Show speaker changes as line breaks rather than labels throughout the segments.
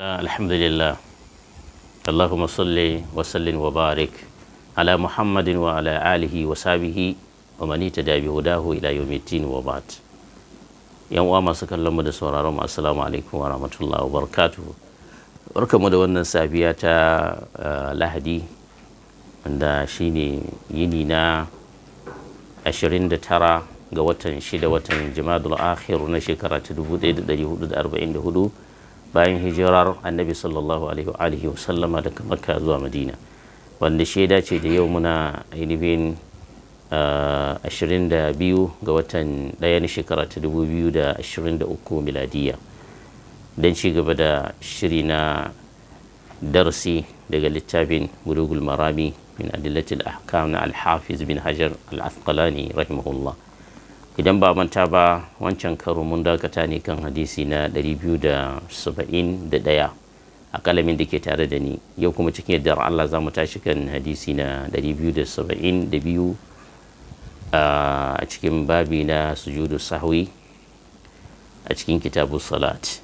لا الحمد لله اللهم صل وسلم وبارك على محمد وعلى آله وصحبه ومن اهتدى بهداه إلى يوم الدين وبعد yan uwa masu kallon mu da sauraron mu assalamu alaikum wa rahmatullahi wa barakatuhu barkamu da wannan safiya ta lahadi wanda shine yini na 29 ga watan 6 watan jimadul akhir na shekara ta 1444 bayan hijirar annabi sallallahu alaihi wa sallama daga makka zuwa madina wanda shaida ce da yau muna ainihin 22 ah, ga watan ɗaya na shekara ta 2023 miladiya don ci gaba da shiri na darsi daga littafin gudugul marami min adillatil ahkam na alhafiz bin hajar al-asqalani rahimahullah idan ba manta ba wancan karo mun dakata ne kan hadisi na 271 a kalamin da ke tare da ni yau kuma cikin yadda Allah za mu tashi kan hadisi na 272 a cikin babi na sujudu sahwi a cikin kitabu salat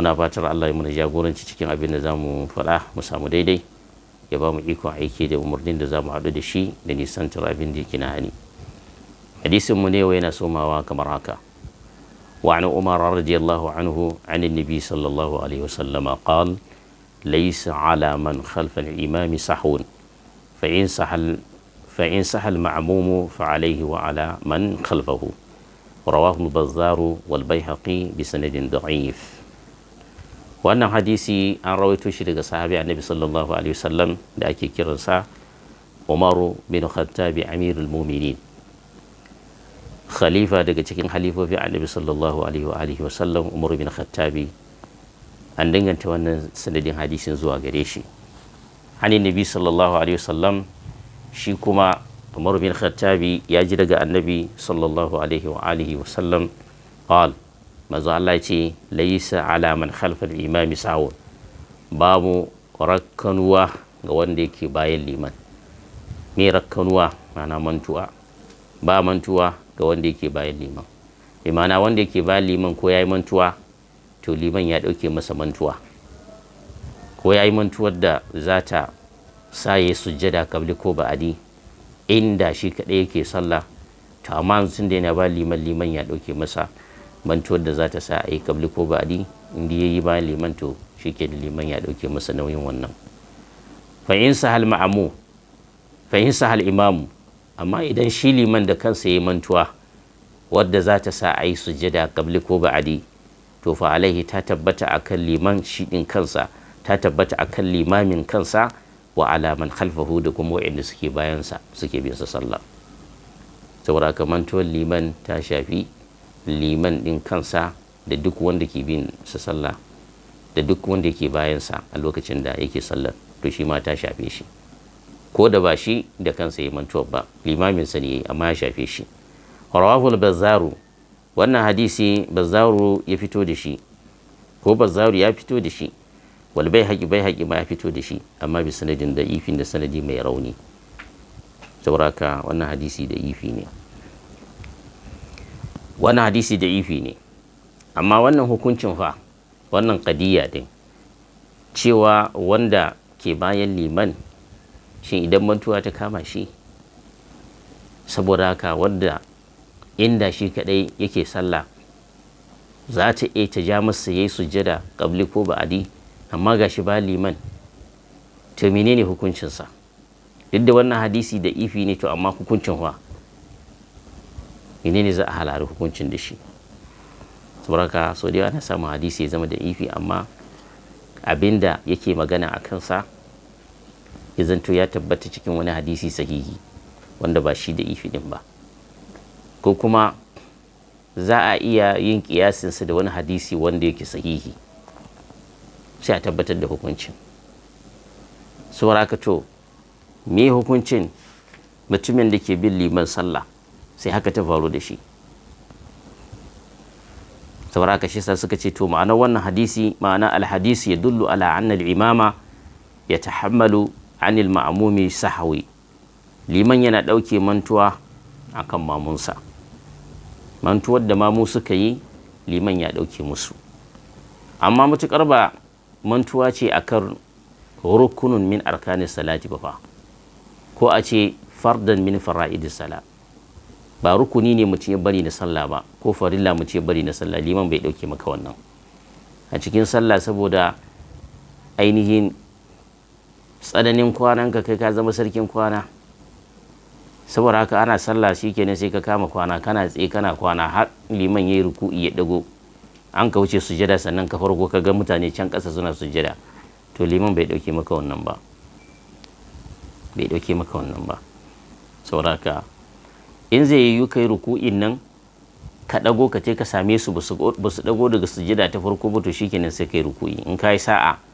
muna fatar Allah ya muna jagoranci cikin abin da za mu faɗa mu samu daidai ya ba mu ikon aiki da umarnin da za mu haɗu da shi da nisantar abin da yake na hani. حديث مني وين سوما yana somawa وعن عمر رضي الله عنه عن النبي صلى الله عليه وسلم قال ليس على من خلف الإمام صحون فإن صح فإن صح المعموم فعليه وعلى من خلفه رواه البزار والبيهقي بسند ضعيف وأن حديثي عن رويته شرق صحابي عن النبي صلى الله عليه وسلم لأكي كرسا عمر بن الخطاب أمير المؤمنين khalifa daga cikin halifofi annabi sallallahu alaihi wa alihi wasallam umar bin khattabi an danganta wannan sanadin hadisin zuwa gare shi hanin nabi sallallahu alaihi wasallam shi kuma umar bin khattabi ya ji daga annabi sallallahu alaihi wa alihi wasallam qal manzo Allah ce laisa ala man khalfa al-imami sawun babu rakkanuwa ga wanda yake bayan liman me rakkanuwa mana mantuwa ba mantuwa ga wanda yake bayan liman imana wanda yake bayan liman ko ya yi mantuwa to liman ya ɗauke masa mantuwa ko ya yi mantuwar da za ta sa ya sujjada kabli ko ba'adi inda shi kaɗai yake sallah to amma sun da yana ba liman liman ya ɗauke masa mantuwar da za ta sa a yi kabli ko ba'adi inda ya yi bayan liman to shi ke da liman ya ɗauke masa nauyin wannan fa'in sahal ma'amu fa'in sahal imamu amma idan shi liman da kansa ya mantuwa wadda za ta sa a yi sujada kabli ko ba'adi to fa alaihi ta tabbata a kan liman shi din kansa ta tabbata a kan limamin kansa wa alaman khalfahu da kuma wa'inda suke bayansa suke bin sa sallah saboda ka mantuwar liman ta shafi liman din kansa da duk wanda ke bin sa sallah da duk wanda ke bayansa a lokacin da yake sallar to shi ma ta shafe shi ko da ba shi da kansa ya mantuwa ba limamin sa ne amma ya shafe shi rawahul bazzaru wannan hadisi bazzaru ya fito da shi ko bazzaru ya fito da shi wal bai haƙi ma ya fito da shi amma bi sanadin da ifin da sanadi mai rauni sauraka wannan hadisi da ifi ne wannan hadisi da ifi ne amma wannan hukuncin fa wannan kadiya din cewa wanda ke bayan liman shi idan mantuwa ta kama shi saboda haka wadda inda shi kadai yake sallah za ta iya ta ja masa yayi sujjada kabli ko ba'adi amma ga shi ba liman to menene hukuncinsa duk da wannan hadisi da ifi ne to amma hukuncin wa menene za a halari hukuncin da shi saboda haka so da yawa na samun hadisi ya zama da ifi amma abinda yake magana a kansa ya zanto ya tabbata cikin wani hadisi sahihi wanda ba shi da ifidin ba ko kuma za a iya yin kiyasinsa da wani hadisi wanda yake sahihi sai a tabbatar da hukuncin sauraka to me hukuncin mutumin da ke bin liman sallah sai haka ta faru da shi sauraka shi sa suka ce to ma'ana wannan hadisi ma'ana alhadisi ya dullu ala annal imama ya tahammalu anil ma'amumi sahawi liman yana ɗauke mantuwa akan mamunsa mantuwar da mamu suka yi liman ya ɗauke musu amma matuƙar ba mantuwa ce a kan rukunin min arkanin salati ba ko a ce fardan min fara'idi sala ba rukuni ne mutum ya bari na sallah ba ko farilla mutum ya bari na sallah liman bai ɗauke maka wannan a cikin sallah saboda ainihin tsananin kwanan ka kai ka zama sarkin kwana saboda haka ana sallah shikenan sai ka kama kwana kana tsaye kana kwana har liman ya yi ruku'i ya dago an ka wuce sujada sannan ka farko ka ga mutane can ƙasa suna sujada to liman bai dauke maka wannan ba bai dauke maka wannan ba saboda haka in zai yiwu kai ruku'in nan ka dago ka ce ka same su ba su dago daga sujada ta farko ba to shikenan sai kai ruku'i in kai sa'a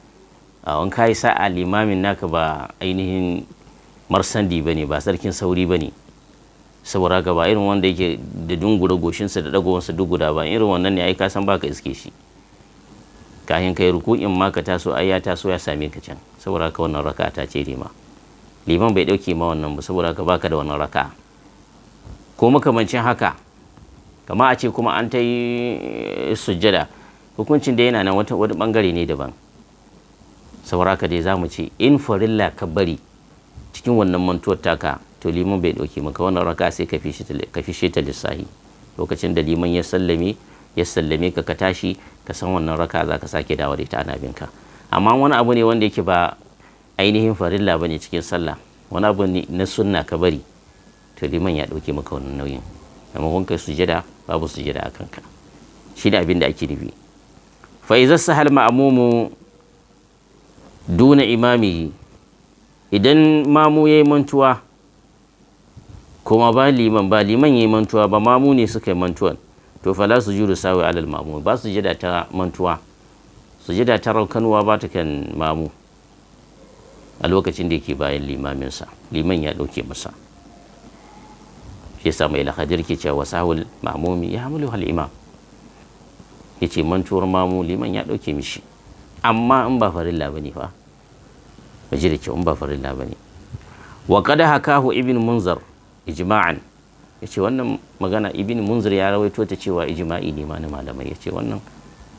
wani kayi sa'a limamin naka ba ainihin marsandi ba ne ba sarkin sauri ba ne saboda ka ba irin wanda yake da dungura goshinsa da dagowansa duk guda ba irin wannan ne ai ka san baka iske shi kahin kai ruku'in ma ka taso ai ya taso ya same ka can saboda ka wannan raka ta ce rima liman bai dauke ma wannan ba saboda ka baka da wannan raka ko makamancin haka kama a ce kuma an ta yi eh, sujjada hukuncin da yana nan wani bangare ne daban sauraka dai za mu ce in farilla ka bari cikin wannan mantuwar taka to liman bai ɗauki maka wannan raka sai ka fishe ta lissahi lokacin da liman ya sallame ya sallame ka ka tashi ka san wannan raka za ka sake dawo da ita ana ka. amma wani abu ne wanda yake ba ainihin farilla bane cikin sallah wani abu ne na sunna ka bari to liman ya dauki maka wannan nauyin amma kun kai sujada babu sujada a ka. shi ne abin da ake nufi fa iza sahal ma'mumu duna imami idan mamu ya yi mantuwa kuma ba liman ba liman ya yi mantuwa ba mamu ne suka yi mantuwan to fa su juru sawi alal mamu ba su jida ta mantuwa su jida ta raukanuwa ba ta kan mamu a lokacin da yake bayan limaminsa liman ya ɗauke masa shi yasa mai lahadir ke cewa sahul mamumi ya hamilu hal imam ya ce mantuwar mamu liman ya ɗauke mishi amma in ba farilla ba ne fa bai ji da kyau ba wa kada hakahu ibn munzar ijma'an ya wannan magana ibn munzar ya rawaito ta cewa ijma'i ne ma malamai ya wannan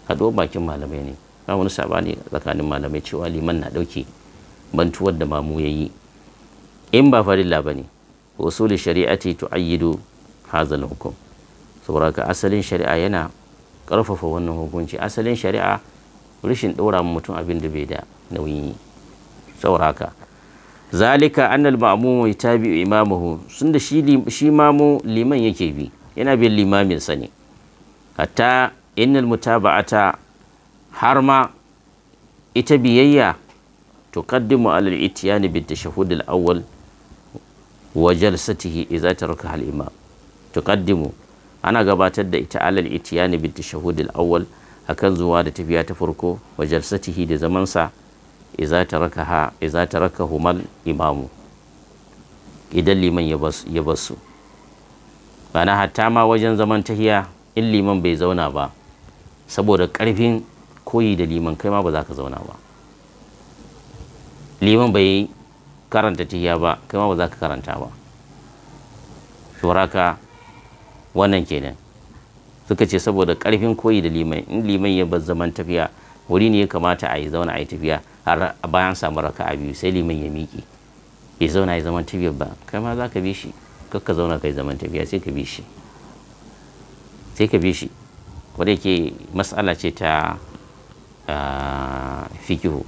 hado bakin malamai ne ba wani sabani tsakanin malamai cewa liman na ɗauke bantuwar da mamu ya yi in ba farin la bane usuli shari'ati tu'ayyidu hazal hukm saboda ka asalin shari'a yana karfafa wannan hukunci asalin shari'a rashin ɗora mutum abin da bai da nauyi sauraka zalika annal ma'mumu yatabi'u imamahu sun da shi mamu liman yake bi yana bin limamin sa ne hatta innal mutaba'ata har ma ita biyayya tuqaddimu alal ityani bit tashahhud al awwal wa jalsatihi idza taraka al imam tuqaddimu ana gabatar da ita alal ityani bit tashahhud al awwal akan zuwa da tafiya ta farko wa jalsatihi da zamansa iza ta raka humal imamu idan liman ya basu bana hatta ma wajen zaman tahiya in liman bai zauna ba saboda karfin koyi da liman kai ma ba za ka zauna ba liman bai karanta tahiya ba kai ma ba za ka karanta ba shuraka wannan kenan suka ce saboda karfin koyi da liman in liman ya bar zaman tafiya wuri ne ya kamata a yi zauna a yi tafiya har bayan samu a biyu sai liman ya miƙe bai zauna ya zaman tafiya ba kai ma za ka bi shi kakka zauna kai zaman tafiya sai ka bi shi sai ka bi shi wadda yake matsala ce ta fikihu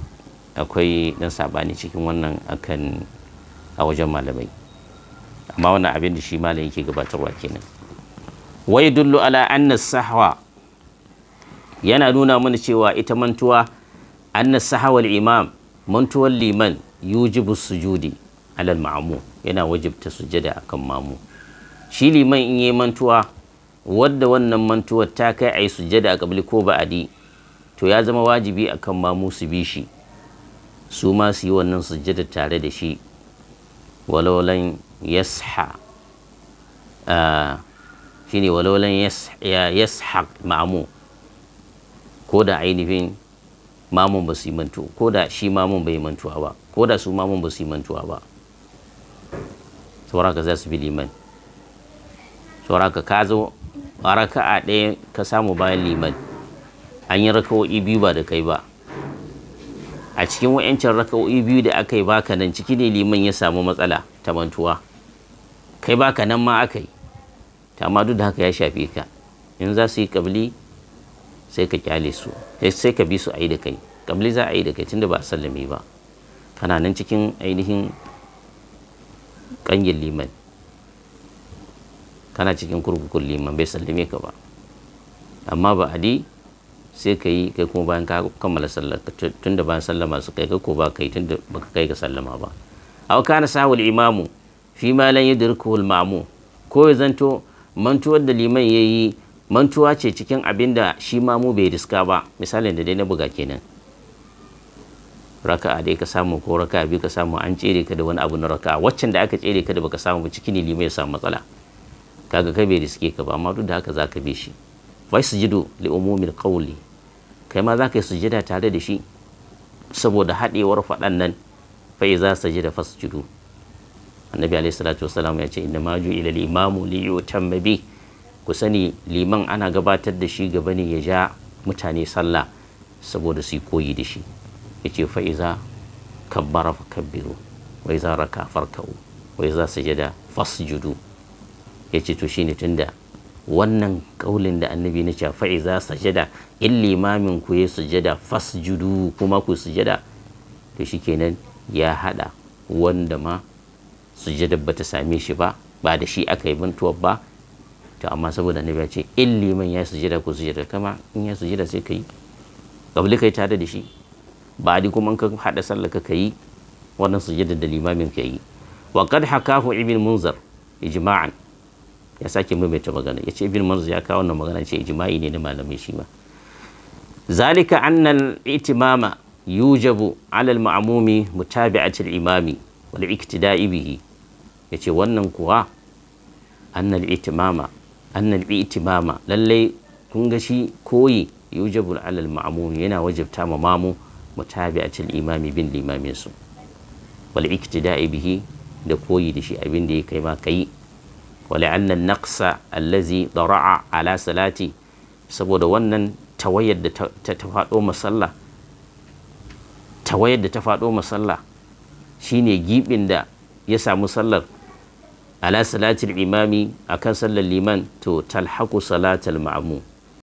akwai dan sabani cikin wannan akan a wajen malamai amma wannan abin da shi malam yake gabatarwa kenan wai dullu ala anna sahwa yana nuna mana cewa ita mantuwa anna sahawal imam mantuwar liman yujibu sujudi alal ma'amu yana wajibta sujada akan mamu shi liman in yi mantuwa wadda wannan mantuwar ta kai a yi sujada a kabli ko ba'adi to ya zama wajibi akan mamu su bi shi su ma su yi wannan sujada tare da shi walaulan yasha shine walaulan yashaq ma'amu ko da ainihin mamun ba su yi mantuwa ko da shi mamun bai mantuwa ba ko da su mamun ba su yi mantuwa ba sauraka za su bi liman sauraka ka zo a a ɗaya ka samu bayan liman an yi raka'o'i biyu ba da kai ba a cikin wa'yancan raka'o'i biyu da aka yi baka nan ciki ne liman ya samu matsala ta mantuwa kai baka nan ma aka yi ta duk da haka ya shafe ka in za su yi kabli sai ka kyale su sai ka bi su a yi da kai kamli za a yi da kai tunda ba a sallame ba kana nan cikin ainihin kangin liman kana cikin kurkukun liman bai sallame ka ba amma ba adi sai ka yi kai kuma bayan ka kammala sallar tun da bayan sallama su kai ko ba kai tun da baka kai ga sallama ba aw kana sahul imamu fi ma lan yudriku al ma'mu ko ya zanto mantuwar da liman yayi mantuwa ce cikin abin da shi ma mu bai riska ba misalin da dai na buga kenan raka'a dai ka samu ko raka'a biyu ka samu an tsere ka da wani abu na raka'a waccan da aka tsere ka da baka samu ba cikin limai ya samu matsala kaga ka bai riske ka ba amma duk da haka zaka bi shi su sujudu li umumil qawli kai ma zaka yi sujada tare da shi saboda haɗewar faɗan nan fa iza sajada fasjudu annabi alaihi salatu wasalam ya ce inna ma ila al imamu li yutamma bihi ku sani liman ana gabatar da shi gaba ne ya ja mutane sallah saboda su yi koyi da shi ya ce fa'iza kabbara fa kabbiru wai za raka farka'u wai za su fas fasjudu ya ce to shine tunda wannan kaulin da annabi na ce fa'iza sajada in limamin ku ya sujada fasjudu kuma ku sujada to kenan ya hada wanda ma sujada bata same shi ba ba da shi aka yi bantuwa ba to amma saboda ne ya ce in liman ya sujada ko sujada kama in ya jira sai kai kabli kai tare da shi ba di kuma ka haɗa sallah ka kai wannan sujada da limamin ka yi wa qad hakahu ibn munzar ijma'an ya sake maimaita magana ya ce ibn munzar ya kawo wannan magana ce ijma'i ne na malamai shi ma zalika annal itimama yujabu ala al-ma'mumi mutaba'ati al-imami wal iktida'i bihi yace wannan kuwa annal itimama annal itimama lallai kun ga shi koyi yujabul alal ma'mum yana wajibta ma mamu mutabi'atul imami bin limamin su wal iktida'i bihi da koyi da shi abin da ya kai ma kai wal anna naqsa allazi dara'a ala salati saboda wannan tawayar da ta fado masalla da ta fado masalla shine gibin da ya samu sallar ala salatil imami akan sallar liman to talhaku salatal ma'amu